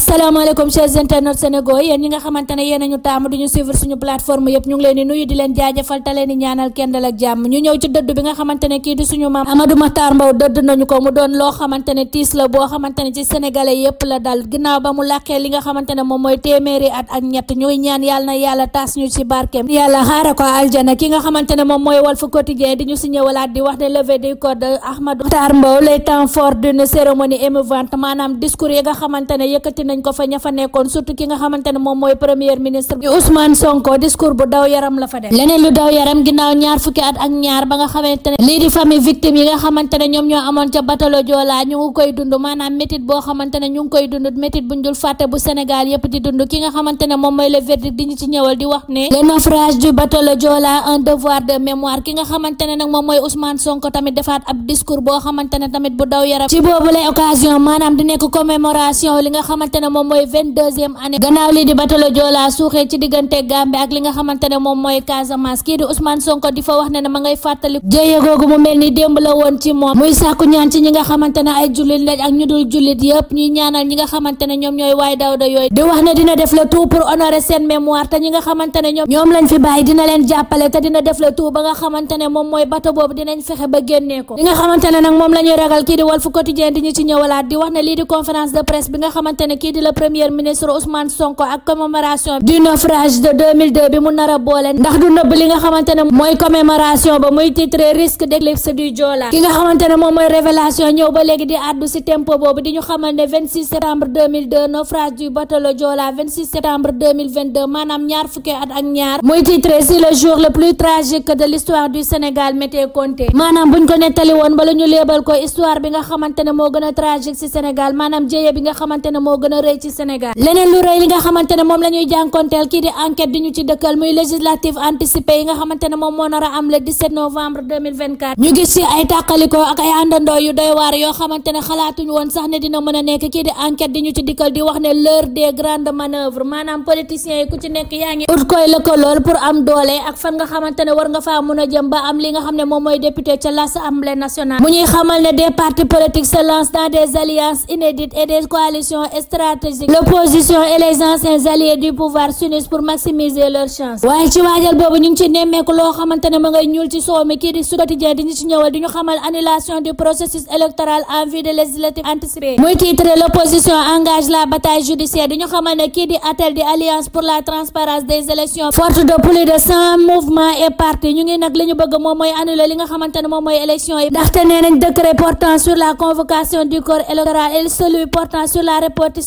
asalaamaaleykum chers internautes Sénégal yéen ñi nga xamante ne yéen a ñu taamu duñu suivre suñu plateforme yëpp ñu ngi leen di nuyu di leen jaajëfal te leen di ñaanal kenn dal ak jàmm ñu ñëw ci dëdd bi nga xamante ne kii di suñu maam Amadou Mahtar Mbow dëdd nañu ko mu doon loo xamante ne tiis la boo xamante ne ci sénégalais yëpp la dal ginnaaw ba mu làqee li nga xamante ne moom mooy téeméeri at ak ñett ñuy ñaan yàlla na yàlla taas ñu ci barkeem yàlla xaara ko aljana k nga xamante ne moom mooy Walf Quotidien di ñu si ñëwalaat di wax ne levée du corps de Ahmadou Mahtar Mbow les temps maanaam discours yi nga xamante ne yëkkati nañ ko fa ña fa nekkoon surtout ki nga xamante moom mooy premier ministre bi Sonko discours bu daw yaram la fa def leneen lu daw yaram ginnaaw ñaar fukki at ak ñaar ba nga xamante ne di famille victime yi nga xamante ñoom ñoo amoon ca batalo Joola ñu ngi koy dund maanaam métit boo xamante ñu ngi koy dund métit buñ dul fàtte bu Sénégal yépp di dund ki nga xamante moom mooy le verdict di ñu ci ñëwal di wax ne le naufrage du batalo Joola xamante ne moom mooy vingt deuxième année gannaaw lii di batalo Joola suuxee ci diggante Gambie ak li nga xamante moom mooy Casamance kii di Ousmane Sonko di fa wax ne ne moom muy fi bàyyi dina leen jàppale te dina def le tout ba nga xamante moom mooy bato boobu dinañ fexe ba génnee ko li nga xamante nag moom la ñuy kii di Walf Quotidien di ñu ci ñëwalaat di wax ne lii di conférence de presse bi nga xamante kii kii di la premier ministre Ousmane Sonko ak commémoration du naufrage de bi mu nar boole ndax du nëbb li nga xamante ne mooy commémoration ba muy titre risque d'éclipse du Joola ki nga xamante ne mooy révélation ñëw ba léegi di addu si tempo boobu di ñu xamal septembre naufrage du bateau Joola septembre maanaam ñaar fukki at ak ñaar muy titre si le jour le plus tragique de l'histoire du Sénégal Mété Conté maanaam buñ ko nettali woon a rëy ci Sénégal leneen lu rëy li nga xamante moom la ñuy kii di enquête di ñu ci dëkkal muy législative anticipée yi nga xamante moom moo a am le novembre ñu gis ci ay tàqalikoo ak ay àndandoo yu doy waar yoo xamante xalaatuñu woon sax ne dina mën a nekk kii di enquête di ñu ci dikkal di wax ne l'heure des grandes manœuvres maanaam politiciens yi ku ci nekk yaa ngi ut koy lëkkalool pour am doole ak fan nga xamante war nga faa mun a jëm stratégique l'opposition et les du pouvoir s'unissent pour maximiser leurs chances waaye ci waajal boobu ñu ngi ci nemmeeku loo xamante ne ngay ñuul ci soow mi kii di Sud Quotidien di ñu ci ñëwal di ñu xamal annulation du processus électoral en vue de législatives anticipées muy titre l'opposition engage la bataille judiciaire di ñu xamal ne kii di ATTEL di alliance pour la transparence des élections forte de plus de cent mouvements et partis ñu ngi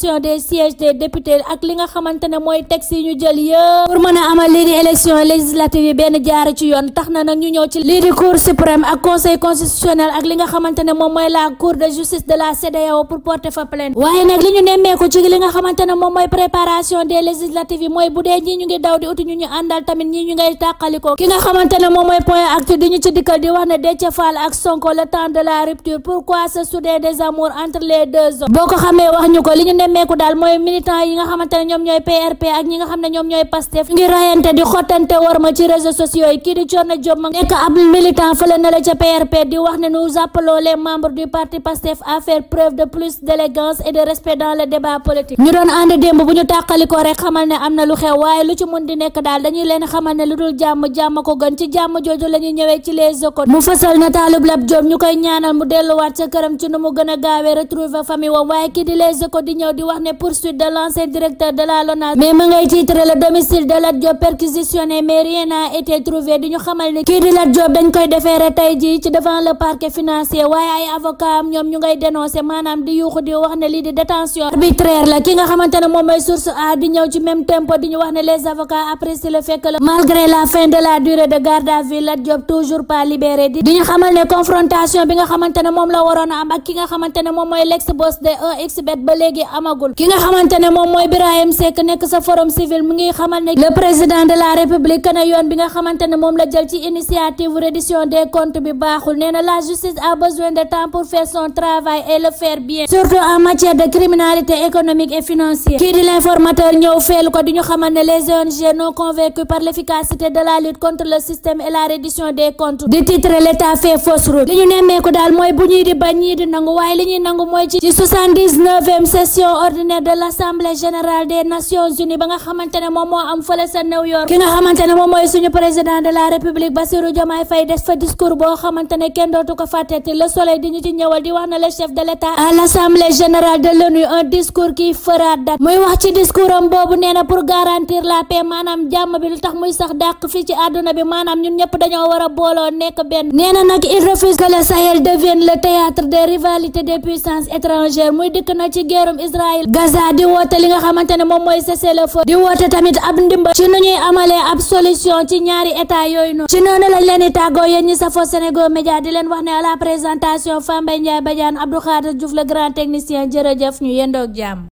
répartition des sièges des députés ak li nga xamante ne mooy texte yi ñu jël yëpp pour mën a amal lii di élection législative yi benn jaar ci yoon tax nag ñu ñëw ci lii di cour suprême ak conseil constitutionnel ak li nga xamante moom mooy la cour de justice de la CEDEAO pour porter fa plainte waaye nag li ñu nemmeeku ci li nga xamante ne moom mooy préparation des législatives yi mooy bu dee ñi ñu ngi daw di uti ñu ñu àndal tamit ñi ñu ngay tàqalikoo ki nga xamante nemmeeku daal mooy militant yi nga xamante ne ñoom ñooy PRP ne ñoom ñooy Pastef ngi rayante di xottante war ma ci réseaux du parti Pastef à faire preuve de plus d'élégance et de respect dans le débat politique ñu doon ànd démb bu ñu tàqalikoo rek xamal ne am na lu xew waaye lu ci mun di nekk daal dañuy leen xamal ne lu dul jàmm jàmm ko gën ci jàmm jooju la ñuy ñëwee ci les écoles mu fësal na la lab Diop ñu koy ñaanal mu delluwaat sa këram ci nu mu gën a gaawee retrouver famille wam waaye kii di les écoles di ñëw di di wax ne poursuite de l'ancien directeur de la LONASE mais ma ngay titre le domicile de Lat Diop perquisitionné mais rien été trouvé dañ koy defeere tey jii ci devant le parquet financier waaye ay avocat am ñoom ñu ngay dénoncé maanaam di yuuxu di wax ne lii di détention arbitraire la ki nga xamante moom mooy source a di ñëw ci même tempo di ñu wax ne les avocats apprécient le fait que malgré la fin de la durée de garde à vue Lat Diop toujours ñëwagul ki nga xamante moom mooy Birahim Seck nekk sa forum civil mu ngi xamal ne le président de la république ne yoon bi nga xamante moom la jël ci initiative reddition des comptes bi baaxul nee la justice a besoin de temps pour faire son travail et le faire bien surtout en matière de criminalité économique et financière kii di l'informateur ñëw feelu ko di ñu xamal ne les ONG non convaincus par l'efficacité de la lutte contre le système et la ordinaire de l'assemblée générale des nations unies ba nga xamante mooy suñu président de la république Bassirou Diomaye ne kenn ko fàtteti le soleil di di wax na le chef de l'état à l'assemblée générale de l'ONU un discours muy wax ci discours boobu nee pour garantir la paix maanaam jàmm bi lu tax muy sax dàq fii ci àdduna bi maanaam ñun ñëpp dañoo war a booloo nekk benn nee na nag il refuse que le Sahel devienne le théâtre des rivalités des puissances étrangères muy dikk na ci guerrum Israël Ndiaye Gaza di woote li nga xamante ne moom mooy cessez-le-feu di woote tamit ab ndimbal ci nu ñuy amalee ab solution ci ñaari état yooyu noonu ci leen di tàggoo yéen ñi safoo Sénégal Média di leen wax ne à la présentation Fambaye Ndiaye Badiane Abdou Khader Diouf le grand technicien jërëjëf ñu yendoo ak